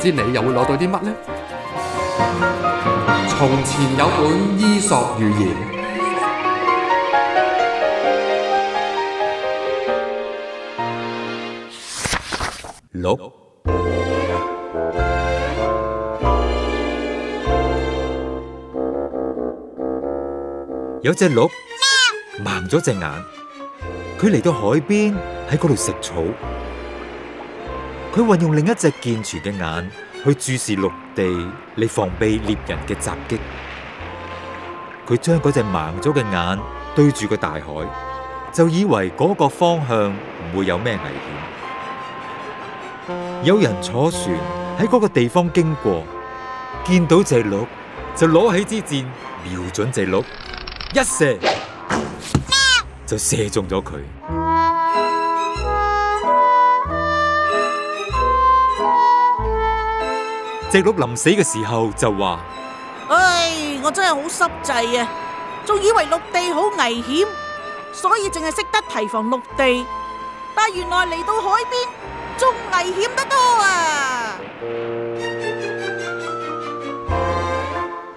知你又會攞到啲乜呢？從前有本伊索寓言，鹿。有隻鹿盲咗隻眼，佢嚟到海邊喺嗰度食草。佢運用另一隻健全嘅眼去注視陸地，嚟防備獵人嘅襲擊。佢將嗰隻盲咗嘅眼對住個大海，就以為嗰個方向唔會有咩危險。有人坐船喺嗰個地方經過，見到隻鹿就攞起支箭瞄準隻鹿，一射就射中咗佢。隻鹿臨死嘅時候就話：唉，我真係好濕滯啊！仲以為陸地好危險，所以淨係識得提防陸地，但原來嚟到海邊仲危險得多啊！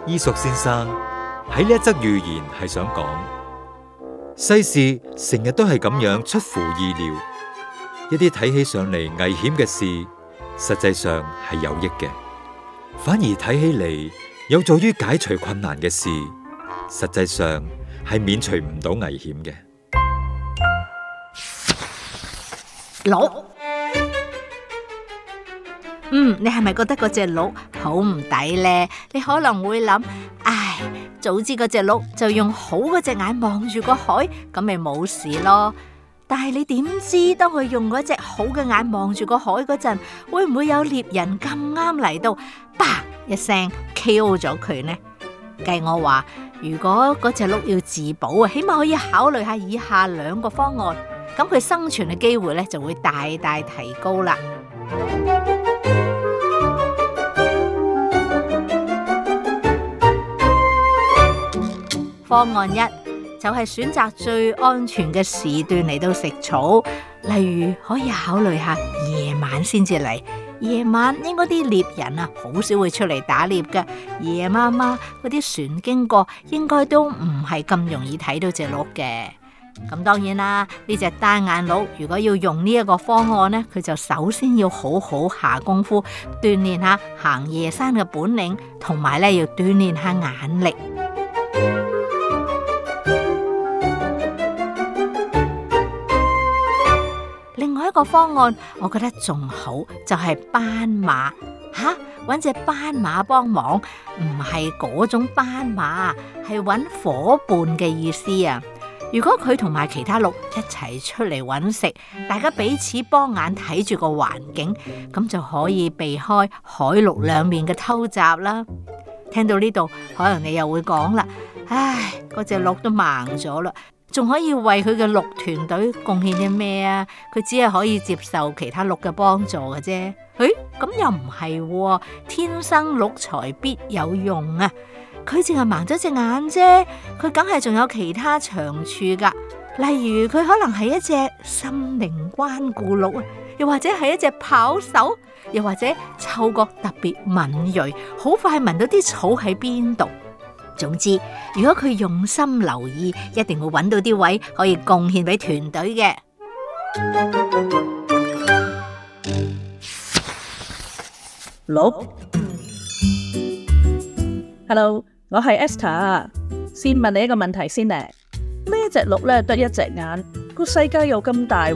伊索先生喺呢一則寓言係想講，世事成日都係咁樣出乎意料，一啲睇起上嚟危險嘅事，實際上係有益嘅。反而睇起嚟有助於解除困難嘅事，實際上係免除唔到危險嘅。鹿，嗯，你係咪覺得嗰隻鹿好唔抵咧？你可能會諗，唉，早知嗰隻鹿就用好嗰隻眼望住個海，咁咪冇事咯。但係你點知，當佢用嗰隻好嘅眼望住個海嗰陣，會唔會有獵人咁啱嚟到，啪！一聲，KO 咗佢呢？計我話，如果嗰隻鹿要自保啊，起碼可以考慮下以下兩個方案，咁佢生存嘅機會咧就會大大提高啦。方案一。就係選擇最安全嘅時段嚟到食草，例如可以考慮下夜晚先至嚟。夜晚應該啲獵人啊，好少會出嚟打獵嘅。夜媽媽嗰啲船經過，應該都唔係咁容易睇到隻鹿嘅。咁當然啦，呢隻單眼鹿如果要用呢一個方案呢，佢就首先要好好下功夫鍛煉下行夜山嘅本領，同埋咧要鍛煉下眼力。個方案我覺得仲好，就係斑馬吓，搵隻斑馬幫忙，唔係嗰種斑馬，係揾伙伴嘅意思啊！如果佢同埋其他鹿一齊出嚟揾食，大家彼此幫眼睇住個環境，咁就可以避開海陸兩面嘅偷襲啦。聽到呢度，可能你又會講啦，唉，嗰隻鹿都盲咗啦。仲可以為佢嘅鹿團隊貢獻啲咩啊？佢只係可以接受其他鹿嘅幫助嘅啫。誒，咁又唔係喎，天生鹿才必有用啊！佢淨係盲咗隻眼啫，佢梗係仲有其他長處噶。例如，佢可能係一隻心靈關顧鹿，啊，又或者係一隻跑手，又或者嗅覺特別敏銳，好快聞到啲草喺邊度。總之，如果佢用心留意，一定會揾到啲位可以貢獻俾團隊嘅。鹿，Hello 我係 Esther，先問你一個問題先咧，呢隻鹿咧得一隻眼，個世界又咁大，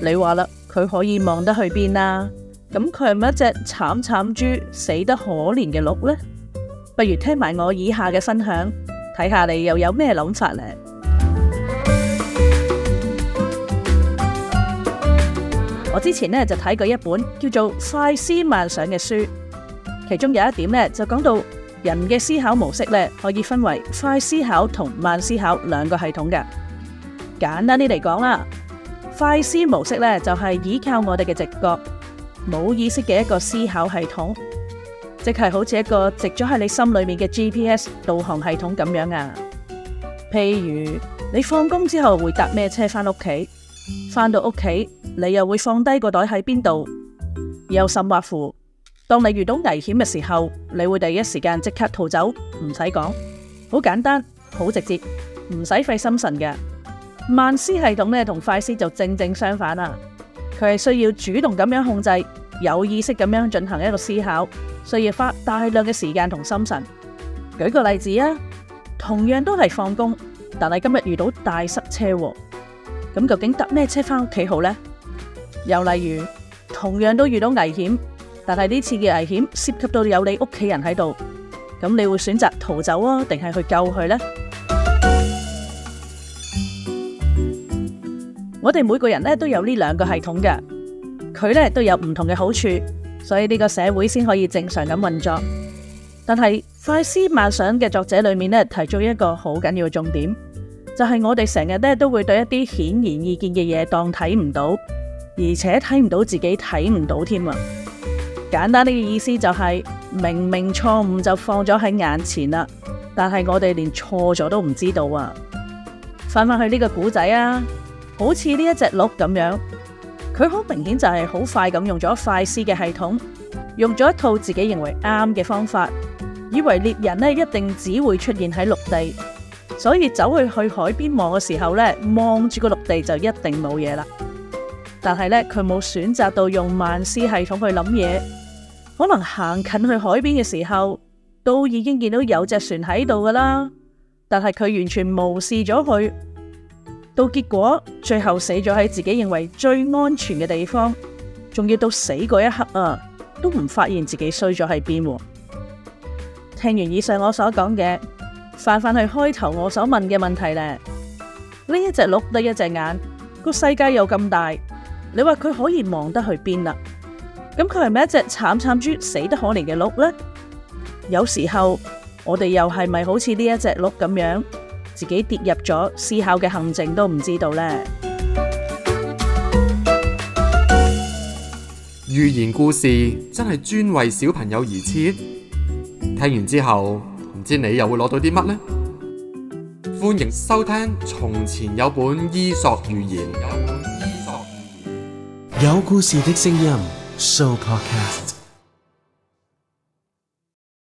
你話啦，佢可以望得去邊啊？咁佢係咪一隻慘慘豬，死得可憐嘅鹿呢？不如聽埋我以下嘅分享，睇下你又有咩諗法呢？ 我之前咧就睇過一本叫做《快思慢想》嘅書，其中有一點咧就講到人嘅思考模式咧可以分為快思考同慢思考兩個系統嘅。簡單啲嚟講啦，快思模式咧就係依靠我哋嘅直覺、冇意識嘅一個思考系統。即係好似一個直咗喺你心裏面嘅 GPS 導航系統咁樣啊。譬如你放工之後會搭咩車翻屋企，翻到屋企你又會放低個袋喺邊度，又甚或乎，當你遇到危險嘅時候，你會第一時間即刻逃走，唔使講，好簡單，好直接，唔使費心神嘅。慢思系統咧同快思就正正相反啦，啊，佢係需要主動咁樣控制。有意識咁樣進行一個思考，需要花大量嘅時間同心神。舉個例子啊，同樣都係放工，但係今日遇到大塞車，咁究竟搭咩車翻屋企好呢？又例如，同樣都遇到危險，但係呢次嘅危險涉及到有你屋企人喺度，咁你會選擇逃走啊，定係去救佢呢？我哋每個人咧都有呢兩個系統嘅。佢咧都有唔同嘅好處，所以呢個社會先可以正常咁運作。但係快思慢想嘅作者裏面咧，提出一個好緊要嘅重點，就係、是、我哋成日咧都會對一啲顯而易見嘅嘢當睇唔到，而且睇唔到自己睇唔到添啊！簡單啲嘅意思就係、是、明明錯誤就放咗喺眼前啦，但係我哋連錯咗都唔知道啊！返返去呢個古仔啊，好似呢一隻鹿咁樣。佢好明顯就係好快咁用咗快思嘅系統，用咗一套自己認為啱嘅方法，以為獵人咧一定只會出現喺陸地，所以走去去海邊望嘅時候呢，望住個陸地就一定冇嘢啦。但係呢，佢冇選擇到用慢思系統去諗嘢，可能行近去海邊嘅時候，都已經見到有隻船喺度噶啦，但係佢完全無視咗佢。到結果最後死咗喺自己認為最安全嘅地方，仲要到死嗰一刻啊，都唔發現自己衰咗喺邊。聽完以上我所講嘅，返返去開頭我所問嘅問題咧，呢一隻鹿得一隻眼，個世界又咁大，你話佢可以望得去邊啊？咁佢係咪一隻慘慘豬死得可憐嘅鹿呢？有時候我哋又係咪好似呢一隻鹿咁樣？自己跌入咗思考嘅陷阱都唔知道呢。寓言故事真係專為小朋友而設，聽完之後唔知你又會攞到啲乜呢？歡迎收聽《從前有本伊索寓言》索，有故事的聲音 Sooo Podcast。